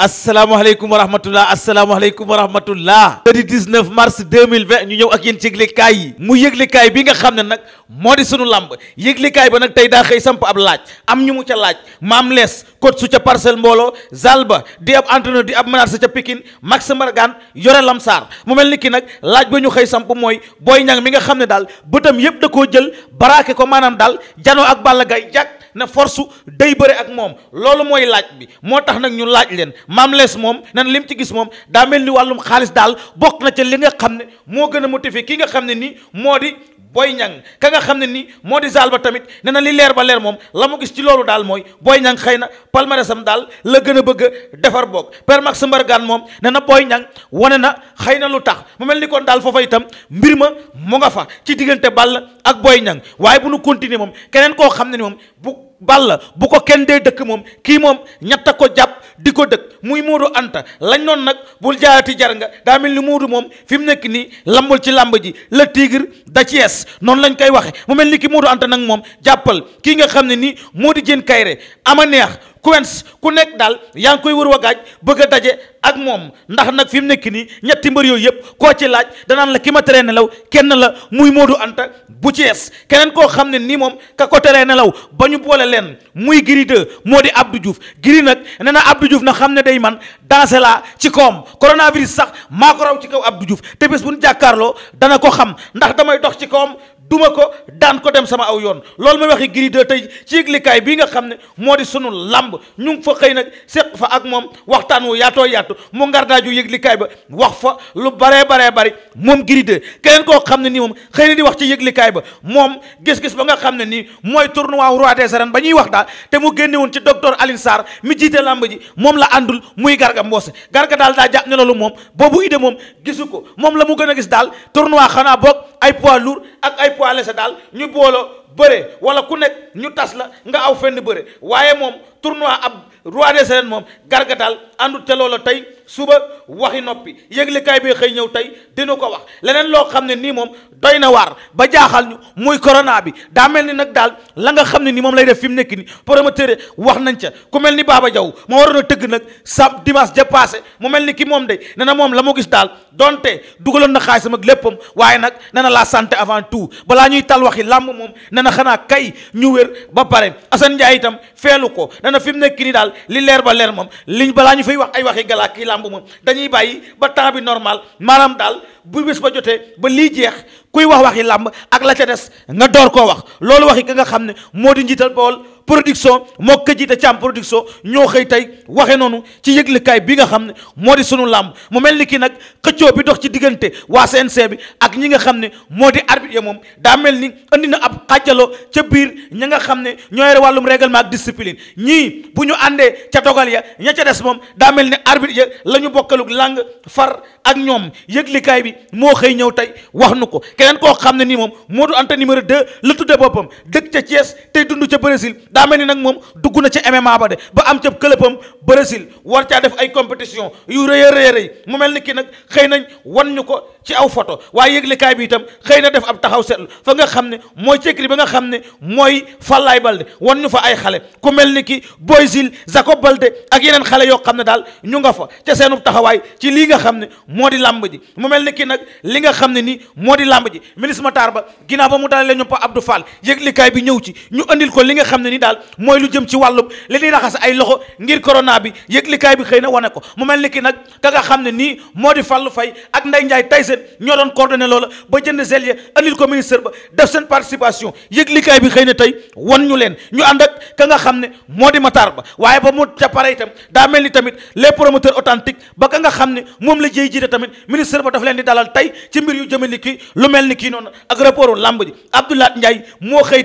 asalaamaaleykum wa rahmatullah asalaamaaleykum wa rahmatullah le 19 mars 2020 ñu ñëw ak yéen ci yëglekaay yi mu yëglekaay bi nga xam ne nag moo di sunu làmb yëglekaay ba nag tey daa xëy samp ab laaj am ñu mu ca laaj maam lees kot su ca parcelle mbooloo zalba di ab entraîneur di ab menace ca Pikine Max Mbargane yore lamsaar mu mel ni ki nag laaj ba ñu xëy samp mooy booy Niang mi nga xam ne daal bëtam yépp da koo jël baraake ko maanaam daal janoo ak Balla Gaye jàkk na force day bëre ak moom loolu mooy laaj bi moo tax nag ñu laaj leen maam lees moom nan lim ci gis moom daa mel ni wàllum xaalis daal bokk na ca li nga xam ne moo gën a motivé ki nga xam ne nii moo di Boy ñang ka nga xam ne nii moo di zaal ba tamit nee na li leer ba leer moom la mu gis ci loolu daal mooy Boy Niang xëy na palmarèsam daal la gën a bëgg a defar boog Père Max Mbargane moom nee na Boy Niang wane na xëy na lu tax mu mel ni koon daal foofa itam mbir ma mu nga fa ci diggante Balla ak Boy Niang waaye bu nu continuer moom keneen koo xam ne ni moom bu Balla bu ko kenn dee dëkk moom kii moom ñett a ko jàpp di ko dëkk muy Moodu Anta lañ noon nag bul jaayati jar nga daa mel ni Moodu moom fi mu nekk nii lambul ci làmb ji la tigre da Thiès noonu lañ koy waxe mu mel ni ki Moodu Anta nag moom jàppal kii nga xam ne nii moo di jën kayre ama neex kuwens ku nekk daal yaa ngi koy wër wagaaj bëgg a daje ak moom ndax nag fi mu nekk nii ñetti mbër yooyu yëpp koo ci laaj danaan la ki ma teree nelaw kenn la muy Modou Anta bu Cees keneen koo xam ne nii moom ka ko teree nelaw ba ñu boole leen muy Gris moo di Abdou Diouf Gris nag nee na Abdou Diouf na xam ne day man dansé laa ci kawam coronavirus sax maa ko raw ci kaw Abdou Diouf te bés bu nu jàkkaarloo dana ko xam ndax damay dox ci kawam duma ko daan ko dem sama aw yoon loolu may waxi Gris 2 tey ci yëglikaay bii nga xam ne moo di sunu làmb ñu fa xëy nag séq fa ak moom waxtaan wu yaatoo yaatu mu ngardaaju yëglikaay ba wax fa lu baree baree bari moom Gris keneen koo xam ne nii moom xëy na wax ci yëglikaay ba moom gis-gis ba nga xam ne nii mooy tournoi roi des arènes ba ñuy wax daal te mu génne woon ci docteur Alioune Sarr mi jiite lamb ji moom la àndul muy garga mboose garga daal daa jàpp ne loolu moom boobu idée moom gisu ko moom la mu gën a gis daal waa xanaa boog ay poids lourd ak ko àll sa daal ñu booloo bëre wala ku nekk ñu tas la nga aw fenn bëre waaye moom tournoi ab roi des arènes moom garga daal àndut te la tey suba waxi noppi yëglekaay bi xëy ñëw tey dina ko wax leneen loo xam ne nii moom doy na waar ba jaaxal ñu muy corona bi daa mel ni nag daal la nga xam ne nii moom lay def fi mu nekk nii pour ma promoteur wax nañ ca ku mel ni Baba Diaw moo waroon a tëgg nag sam dimanche ja passé mu mel ni ki moom de nee na moom la ma gis daal donte dugaloon na xaalisam ak léppam waaye nag nee na la avant tout balaa ñuy tal waxi làmb moom. dana xanaa kay ñu wér ba pare Assane Ndiaye itam feelu ko dana fi mu nekk nii daal li leer ba leer moom liñ balaa ñu fay wax ay waxi galaa kii làmb moom dañuy bàyyi ba temps bi normal maanaam daal bu bés ba jotee ba lii jeex kuy wax waxi làmb ak la ca des nga door koo wax loolu waxi ki nga xam ne moo di njiital bool production moo ko jiite Thiam production ñoo xëy tey waxe noonu ci yëglekaay bi nga xam ne moo di sunu làmb mu mel ni ki nag xëccoo dox ci diggante waa CNC bi ak ñi nga xam ne moo di arbitre ya moom daa mel ni andi na ab xàjjaloo ca biir ña nga xam ne ñoo yore wàllum règlement ak discipline ñii bu ñu àndee ca dogal ya ña ca des moom daa mel ni arbitre ya la ñu bokkalug làng far ak ñoom yëglekaay bi moo xëy ñëw tey wax nu ko keneen koo xam ne nii moom moo du anta numéro de la tudde boppam dëkk ca Thiès tey dund ca Brésil daa mel ni nag moom dugg na ca MMA ba de ba am ca këlëbam Brésil war caa def ay compétition yu rëy a rëy mu mel ni ki nag xëy na wan ñu ko ci aw photo waaye yëglikaay bi itam xëy na def ab taxaw seetlu fa nga xam ne mooy cekri ba nga xam ne mooy fallaay Balde wan ñu fa ay xale ku mel ni ki Boysil Jacob Balde ak yeneen xale yoo xam ne daal ñu nga fa ca seenub taxawaay ci lii nga xam ne moo di làmb ji mu mel ni ki nag li nga xam ne nii moo di làmb ji ministre Matar Ba ginnaaw ba mu dalalee ñoom Pa Abdou Fall yëglikaay bi ñëw ci ñu andil ko li nga xam ne ni daal mooy lu jëm ci wàllub li ñuy raxas ay loxo ngir corona bi yëglikaay bi xëy na wane ko mu mel ni ki nag ka nga xam ne nii moo di Fallou Faye ak Ndeye Ndiaye Tyson ñoo doon coordonné loola ba jënd gel ya andil ko ministère ba def seen participation yëglikaay bi xëy na tey wan ñu leen ñu ànd ak ka nga xam ne moo di Matar Ba waaye ba mu ca pare daa mel ni tamit les promoteurs authentiques ba ka nga xam ne moom la jëy jiite tamit ministère ba dafa leen di dalal tey ci mbir yu jëme ni kii lu mel ni kii noonu ak rapportu lamb ji Abdoulaye Ndiaye moo xëy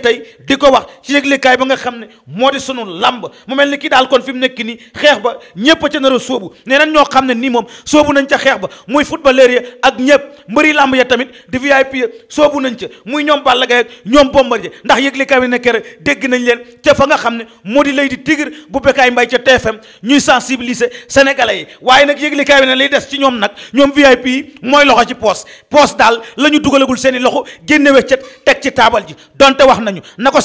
xam ne moo di sunu làmb mu mel ni kii daal kon fi mu nekk nii xeex ba ñëpp ca nar a nee nañ ñoo xam ne nii moom soobu nañ ca xeex ba muy footballeur ya ak ñëpp mbëri làmb ya tamit di VIP ya sóobu nañ ca muy ñoom Balla Gaye ak ñoom Bombardier ndax yëgle kaay bi ne kere dégg nañ leen ca fa nga xam ne moo di lay di tigir bu Bécaye Mbaye ca TFM ñuy sensibiliser sénégalais yi waaye nag yëgle kaay bi ne liy des ci ñoom nag ñoom VIP yi mooy loxo ci poos poos daal la ñu dugalagul seen i loxo génne weccet teg ci taabal ji donte wax na ko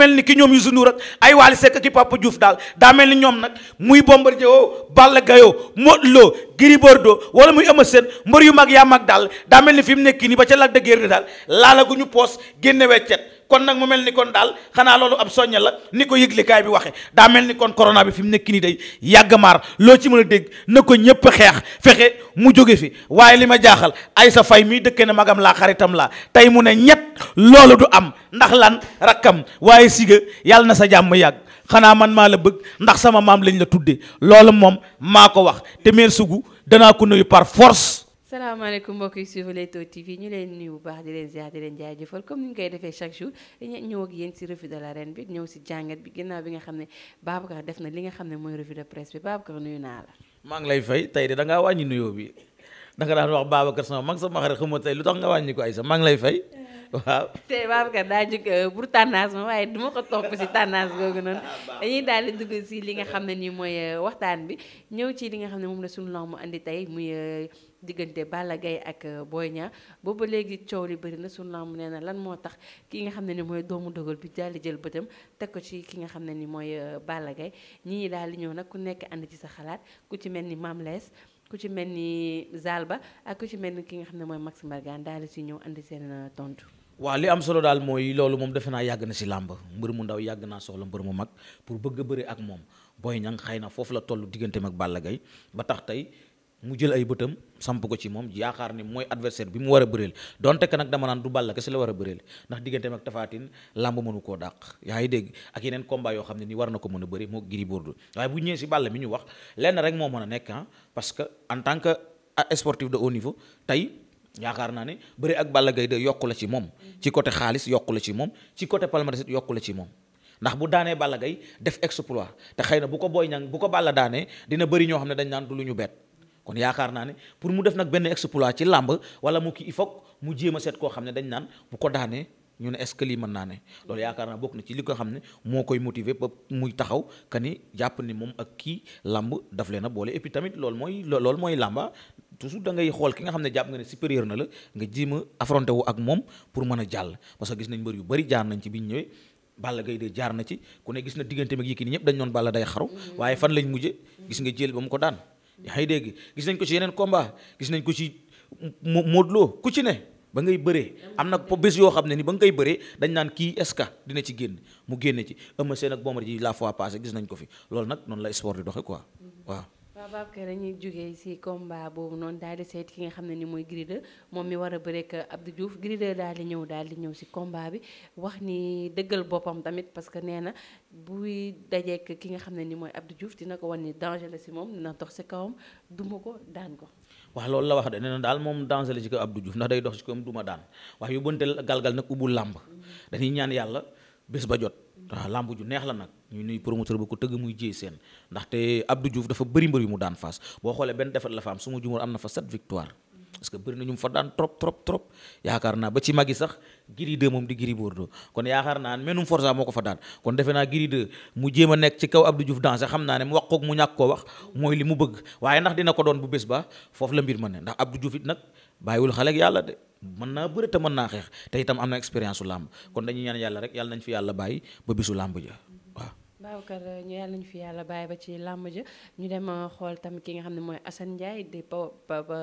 mel ni ki ñoom Youssou Ndour ak ay Wally Seck ak i Papa Diouf daal daa mel ni ñoom nag muy Bombardier oo Balla Gaye moo Modou Lo Gris Bordeaux wala muy Eumeu Sène mbër yu mag yaa mag daal daa mel ni fi mu nekk nii ba ca Lac de Guiers daal laala gu ñu poos génne weccet kon nag mu mel ni kon daal xanaa loolu ab soñña la ni ko yëglikaay bi waxe daa mel ni kon corona bi fi mu nekk nii day yàgg maar loo ci mën a dégg na ko ñëpp xeex fexe mu jóge fi waaye li ma jaaxal ay sa fay mi dëkke na magam laa xaritam tey mu loolu du am ndax lan rakkam waaye siga yàlla na sa jàmm yàgg xanaa man maa la bëgg ndax sama maam lañ la tuddee loolu moom maa ko wax te meer sugu danaa ko nuyu par force. salaamaaleykum mbokk yi suivre Leewtoo TV ñu leen nuyu bu baax di leen ziar di leen jaajëfal comme ni ñu koy defee chaque jour dañuy ñëw ak yéen ci revue de l'arène bi ñëw ci jàngat bi ginnaaw bi nga xam ne Babacar def na li nga xam ne mooy revue de presse bi Babacar nuyu naa la. maa ngi lay fay tey de da wàññi nuyoo bi. danga daan wax Babacar sama mag sama xarit xuma tey lu tax nga wàññi ko ay sa maa lay fay eh. waaw te Babacar daa jóg euh, pour tendance ma waaye duma ko topp si tendance googu noonu ah, dañuy daal di dugg si li nga xam ne nii mooy euh, waxtaan bi ñëw ci li nga xam ne moom la suñu lamb mu indi tey muy euh, diggante Balla Gaye ak Boy Niang booba léegi coow li bëri na suñu lamb nee na lan moo tax ki nga xam ne ni mooy doomu dogal bi daal jël bëtam teg ko ci ki nga xam ne ni mooy Balla Gaye ñi daal di ñëw nag ku nekk andi ci sa xalaat ku ci mel ni Mame Less ku ci mel ni ba ak ku ci mel ni ki nga xam ne mooy Max Mbargane daal di si ñëw indi seen euh, tontu. waa li am solo daal mooy loolu moom defe naa yàgg na si làmb mbër mu ndaw yàgg naa soxla mbër mu mag pour bëgg a bëri ak moom Boy Niang xëy na foofu la toll digganteem ak Balla Gaye ba tax tey. mu jël ay bëtam samp ko ci moom yaakaar ni mooy adversaire bi mu war a bëreel donte que nag dama naan du Balla kese la war a bëreel ndax digganteem ak Tapha Tine làmb mënu koo dàq yaa ngi dégg ak yeneen combat yoo xam ne ni war na ko mën a bëri moo Gris Bordeaux waaye bu ñëwee si Balla mi ñu wax lenn rek moo mën a nekk ah parce que en tant que ah, sportif de haut niveau tey yaakaar naa ne bëri ak Balla gay de yokku la ci moom mm-hmm. ci côté xaalis yokku la ci moom ci côté palmarès yokku ci moom ndax bu daanee Balla Gaye def exploit te xëy na bu ko Boy Niang bu ko Balla daanee dina bëri ñoo xam ne dañ naan du ñu bett kon yaakaar naa ne pour mu def nag benn exploit ci làmb wala mu kii il faut mu jéem seet koo xam ne dañ naan bu ko daanee ñu ne est-ce naa ne loolu yaakaar naa bokk na ci li ko xam ne moo koy motiver ba muy taxaw que ni jàpp ni moom ak kii làmb daf leen a boole et tamit loolu mooy loolu mooy làmba ah, toujours da ngay xool ki xam ne jàpp nga ne na la nga jéem a affronté wu ak moom pour a jàll parce que gis nañ mbër yu bari jaar nañ ci bi ñu ñëwee Balla Gaye de jaar na ci ku ne gis na diggante mag Yékini ñëpp dañ noon Balla day xaru mm-hmm. waaye fan lañ mujje gis nga jël ba mu ko daan yaa ngi dégg gis nañ ko ci yeneen komba gis nañ ko ci Modou Lo ku ci ne ba ngay bëree am na po bés yoo xam ne ni ba nga koy bëree dañ naan kii est-ce que dina ci génn mu génne ci Eumeu Sène ak Bombardier ji la fois passée gis nañ ko fi loolu nag noonu lay sport di doxe quoi waaw Babacar dañuy jógee ci combat boobu noonu daal di seet ki nga xam ne ni mooy Gris moom mi war a bëre ak Abdou Diouf daal di ñëw daal di ñëw ci combat bi wax ni dëggal boppam tamit parce que nee na buy dajeek ki nga xam ne ni mooy Abdou Diouf dina ko wan ni danger la ci moom dina dox ci kawam duma ko daan ko. wax loolu la wax de nee na daal moom danger la ci kaw Abdou Diouf ndax day dox ci kawam duma daan wax yu bonte galgal nag ubbu làmb mm-hmm. dañuy ñaan yàlla bés ba jot. waaw lamb ju neex la nag ñu nuy promoteur bu ko tëgg muy jéey seen ndaxte Abdou Diouf dafa bëri mbër yu mu daan faas boo xoolee benn defet la fa am su ma juumul am na fa sept victoire parce que bëri na ñu fa daan trop trop trop yaakaar naa ba ci magi sax Gris moom di Gris Bordeaux kon yaakaar naa menum forsa moo ko fa daan kon defe naa Gris 2 mu jéem a nekk ci kaw Abdou Diouf dansé xam naa ne mu wax koog mu ñàkk koo wax mooy li mu bëgg waaye ndax dina ko doon bu bés ba foofu la mbir ma ne ndax Abdou Diouf it bàyyiwul xale ak yàlla de mën naa bëre te mën naa xeex te itam am na expérience làmb kon dañuy ñaan yàlla rek yàlla nañ fi yàlla bàyyi ba bisu làmb ja Babacar euh, ñu yàlla ñu fi yàlla bàyyi ba ci làmb ja ñu dem euh, xool tamit ki nga xam ne mooy Assane Ndiaye di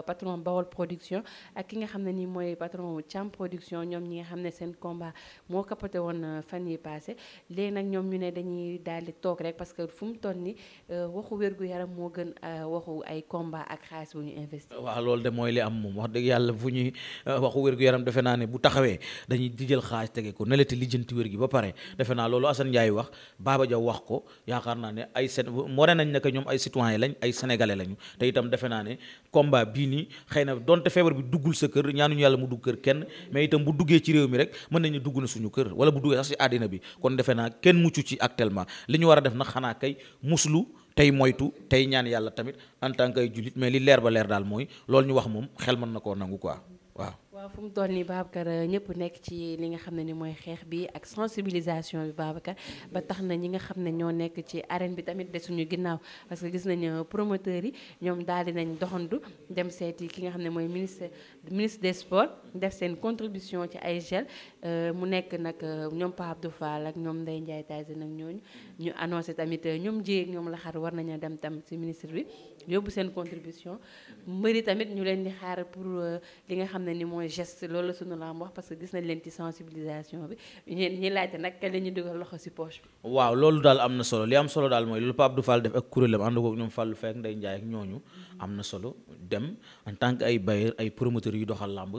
patron Bawol production ak ki nga xam ne nii mooy patron Thiam production ñoom ñi nga xam ne seen combat moo capoté woon euh, fan yi passé léegi nag ñoom ñu ne dañuy daal di toog rek parce que fu mu toll ni waxu wér-gu-yaram moo gën waxu ay combat ak xaalis bu ñu investi waaw loolu de mooy li am moom wax dëgg yàlla fu ñuy waxu wér-gu-yaram defe naa ne bu taxawee dañuy di jël xaalis tege ko nelete lijjanti wér gi ba pare wax ko yaakaar naa ne ay seen nañ ne que ñoom ay citoyen lañ ay sénégalais lañu te itam defe naa ne combat bii nii xëy na donte feebar bi duggul sa kër ñaanuñu yàlla mu dugg kër kenn mais itam bu duggee ci réew mi rek mën nañ dugg na suñu kër wala bu duggee sax si àddina bi kon defe naa kenn mucc ci actuellement li ñu war a def nag xanaa kay muslu tey moytu tey ñaan yàlla tamit en tant que ay jullit mais li leer ba leer daal mooy loolu ñu wax moom xel mën na koo nangu quoi waaw Euh, fu mu toll nii Babacar euh, ñëpp nekk ci li nga xam ne ni mooy xeex bi ak sensibilisation bi Babacar ba tax na ñi nga xam ne ñoo nekk ci arène bi tamit de suñu ginnaaw parce que gis nañu euh, promoteur yi ñoom daal di nañ doxandu dem seeti ki nga xam ne mooy ministre ministre des sports def seen contribution ci ay gel mu nekk nag ñoom Pape Abdou Fall ak ñoom Ndeye Ndiaye Taïsé nag ñooñu ñu annoncé tamit ñoom jéeg ñoom la xar war nañu dem tam si ministre bi yóbbu seen geste loolu la sunu laam wax parce que gis nañ leen ci sensibilisation bi ñeen ñi laajte nag kañ la dugal loxo si poche bi. waaw loolu daal am na solo li am solo daal mooy loolu Pape Abdou Fall def ak kuréelam ànd koog ñoom Fallou Faye ak Ndeye Ndiaye ak ñooñu. am na solo dem en tant que ay bailleur ay promoteurs yu doxal làmb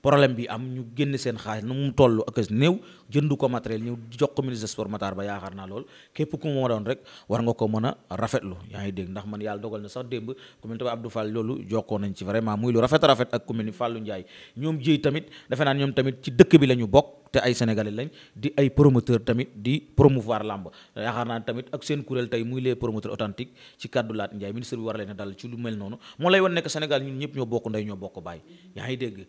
problème bi am ñu génn seen xaalis nu mu tollu ak néew jënd ko matériel ñëw jox ko ministre sport Matar Ba yaakaar naa lool képp ku moo doon rek war nga ko mën a rafetlu yaa ngi dégg ndax man yàlla dogal na sax démb commune Taba Abdou Fall loolu jokkoo nañ ci vraiment muy lu rafet rafet ak commune Fallou Ndiaye ñoom jéy tamit defe naa ñoom tamit ci dëkk bi la ñu bokk te ay sénégalais lañ di ay promoteur tamit di promouvoir làmb yaakaar naa tamit ak seen kuréel tey muy les promoteurs authentiques ci kàddu Laat Ndiaye ministre bi war leen a dal ci lu mel noonu moo lay wan nekk Sénégal ñun ñëpp ñoo bokk ndey ñoo bokk baay yaa ngi dégg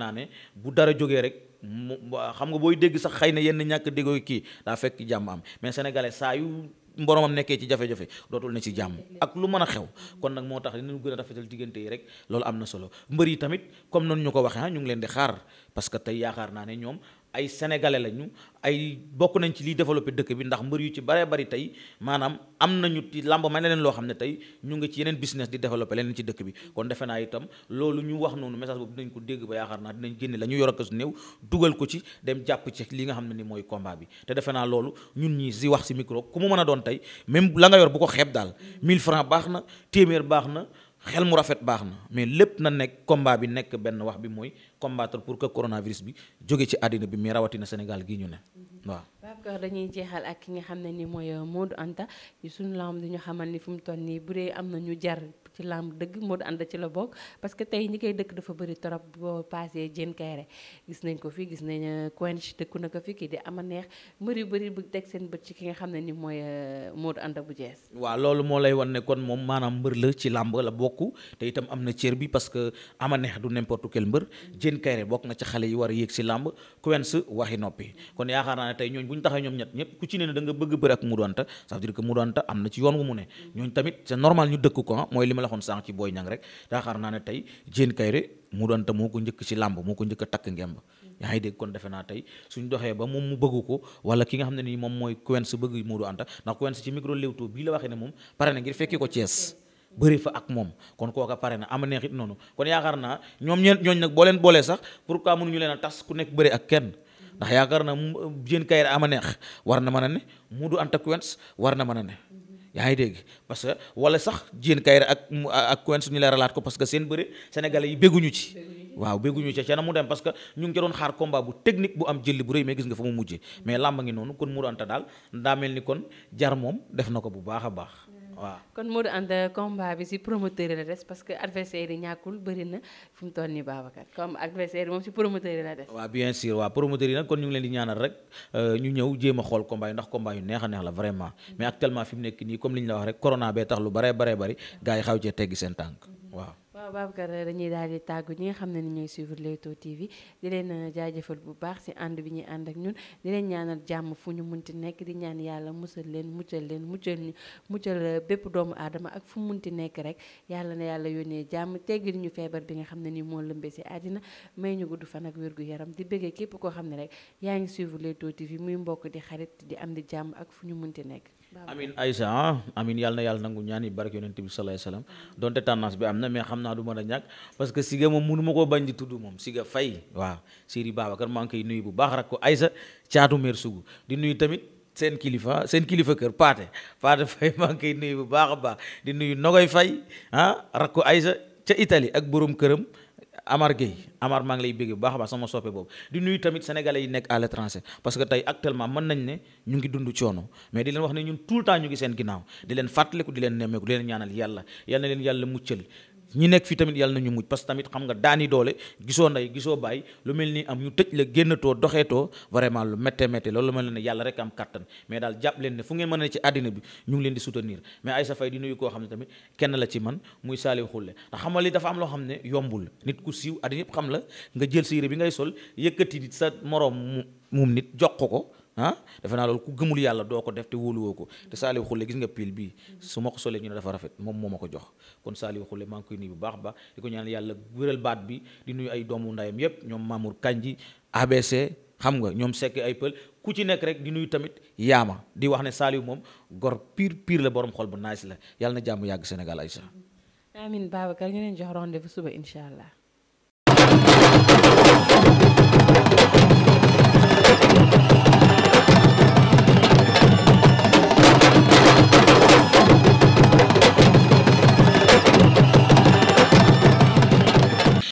naa ne bu dara jógee rek mu xam nga booy dégg sax xëy na yenn ñàkk déggoo kii daa fekk jàmm am mais sénégalais saa yu mboromam nekkee ci jafe-jafe dootul ne ci jàmm ak lu mën a xew kon nag moo tax dinañu gën a rafetal diggante yi rek loolu am na solo mbër yi tamit comme noonu ñu ko waxee ah, ñu ngi leen di xaar parce que tey yaakaar naa ne ñoom ay sénégalais lañu ay bokk nañ ci liy développé dëkk bi ndax mbër yu ci bare bari tey maanaam am nañu ci làmb may na leen loo xam ne tey ñu ngi ci yeneen business di développé leneen ci dëkk bi kon defe naa itam loolu ñu wax noonu message boobu dinañ ko dégg ba yaakaar naa dinañ génne la yor ak su néew dugal ko ci dem jàpp ci li nga xam ne ni mooy combat bi te defe naa loolu ñun ñi si wax si micro ku mu mën a doon tey même la nga yor bu ko xeeb daal 1000 francs baax na téeméer baax na xel mu rafet baax na mais lépp na nekk combat bi nekk benn wax bi mooy combattre pour que coronavirus bi jóge ci àddina bi mais rawatina Sénégal gii ñu ne mhm. waaw. Babacar dañuy jeexal ak ki nga xam ne ni mooy euh, Modou Anta suñu lamb dañu xamal ni fu mu toll nii bu dee am na ñu jar. ci làmb dëgg Modou Anta ci la bokk parce que tey ñi koy dëkk dafa bëri torop boo paasee Diène Kaïré gis nañ ko fii gis nañ euh, Quench dëkku na ko fi kii di ama neex mbër yu bëri bu teg seen bët ci ki nga xam ne ni mooy euh, Modou Anta bu jees waaw loolu moo lay wan ne kon moom maanaam mbër la ci làmb la bokk te itam am na cër bi parce que ama neex du n'importe quel mbër Diène Kaïré bokk na ci xale yi war a yéeg si làmb Quench waxi noppi kon yaakaar naa ne tey ñooñ bu ñu taxee ñoom ñett ñëpp ku ci ne da nga bëgg bëri na ci yoon wu la waxoon sànq ci booy Niang rek yaakaar naa ne tey Diène Kaïré mu doon te moo ko njëkk ci làmb moo ko njëkk takk ngemb yaa ngi dégg kon defe naa tey suñ doxee ba moom mu bëgg ko wala ki nga xam ne nii moom mooy Quench bëgg Modou Anta ndax Quench ci micro Leewtoo bii la moom pare na ngir ko Thiès fa ak moom kon kooka pare na am neexit noonu kon yaakaar naa ñoom ñeen ñooñ nag boo leen boolee sax pourquoi mënuñu leen a tas ku nekk bëri ak ndax yaakaar na Diène Kaïré ama neex war na mën a ne Modou Anta Quench war na mën a ne yaa ngi dégg parce que wala sax Diène Kaïré ak ak Quench suñu la relaat ko parce que seen bëre sénégalais yi bégguñu ci waaw bégguñu ci ca na mu dem parce que ñu ngi ca doon xaar combat bu technique bu am jëlli bu rëy mais gis nga fa mu mujje mais làmba ngi noonu kon mu doon ta daal daa mel ni kon jar moom def na ko bu baax a baax waaw kon Modou Anta combat bi si promoteur yi la des parce que adversaire yi ñàkkul bëri na fu mu toll nii Babacar comme adversaire moom si promoteur yi la des. waaw bien sûr waaw promoteur yi nag kon ñu ngi leen di ñaanal rek euh, ñu ñëw jéem a xool combat yi ndax combat yu neex a neex la vraiment mais actuellement fi mu nekk nii comme li ñu la wax rek corona bee tax lu baree baree bari gars yi xaw cee teggi seen tànk waaw. Euh, Babacar dañuy daal di tàggu ñi nga xam ne ni ñooy suivre Leewtoo TV di leen euh, jaajafal bu baax si ànd bi ñuy ànd ak ñun di leen ñaanal jàmm fu ñu mun ti nekk di ñaan yàlla musal leen muccal leen muccal ñu muccal euh, bépp doomu aadama ak fu mun ti nekk rek yàlla na yàlla yónnee jàmm teggil ñu feebar bi nga xam ne ni moo lëmbee si àddina may ñu gudd fan ak wér gu yaram di bëggee képp koo xam ne rek yaa ngi suivre Leewtoo TV muy mbokk di xarit di am di jàmm ak fu ñu munti nekk amin Aïssa ah amin yàlla na yàlla nangu ñaan yi barke yonent bi salaay salaam donte tendance bi am na mais xam naa du mën a ñàkk parce que Siga moom mënu ma koo bañ di tudd moom Siga Faye waaw Siri Babacar bu baax rak ko Aïssa caatu meer sugu di nuyu tamit seen kilifa seen kilifa kër Paate Paate Faye maa nuyu bu baax a baax di nuyu Nogoy Faye ah rak ko Aïssa ca itali ak boroom këram Amar Gueye Amar maa ngi lay bégg bu baax a baax sama soppe boobu di nuyu tamit sénégalais yi nekk à l'étranger parce que tey actuellement mën nañ ne ñu ngi dund coono mais di leen wax ne ñun tout le temps ñu ngi seen ginnaaw di leen fàttaliku di leen nemmeeku di leen ñaanal yàlla yal leen yàlla muccal ñi nekk fi tamit yàlla na ñu mujj parce que tamit xam nga daani doole gisoo nday gisoo bàyyi lu mel ni am ñu tëj la génnatoo doxeetoo vraiment lu métte métte loolu mel ne yàlla rek am kattan mais daal jàpp leen ne fu ngeen mën na ne ci àddina bi ñu ngi leen di soutenir mais Aïssa Faye di nuyu koo xam ne tamit kenn la ci man muy Saliou Khoule ndax xam nga li dafa am loo xam ne yombul nit ku siiw àddina yëpp xam la nga jël sa yére bi ngay sol yëkkati sa moroom mum nit jox ko ko ah defe naa loolu ku gëmul yàlla doo ko def te wóoluwoo ko te Saliou Khoule gis nga pile bii su ma ko solee ñu ne dafa rafet moom moo ma ko jox kon Saliou Khoule maa koy nuyu bu baax ba di ko ñaan yàlla wéral baat bi di nuyu ay doomu ndayam yépp ñoom Mamour Kanji ABC xam nga ñoom sekk ay pël ku ci nekk rek di nuyu tamit yaama di wax ne Saliou moom gor piir piir la boroom xol bu nice la yàlla na jàmm yàgg Sénégal ay sax.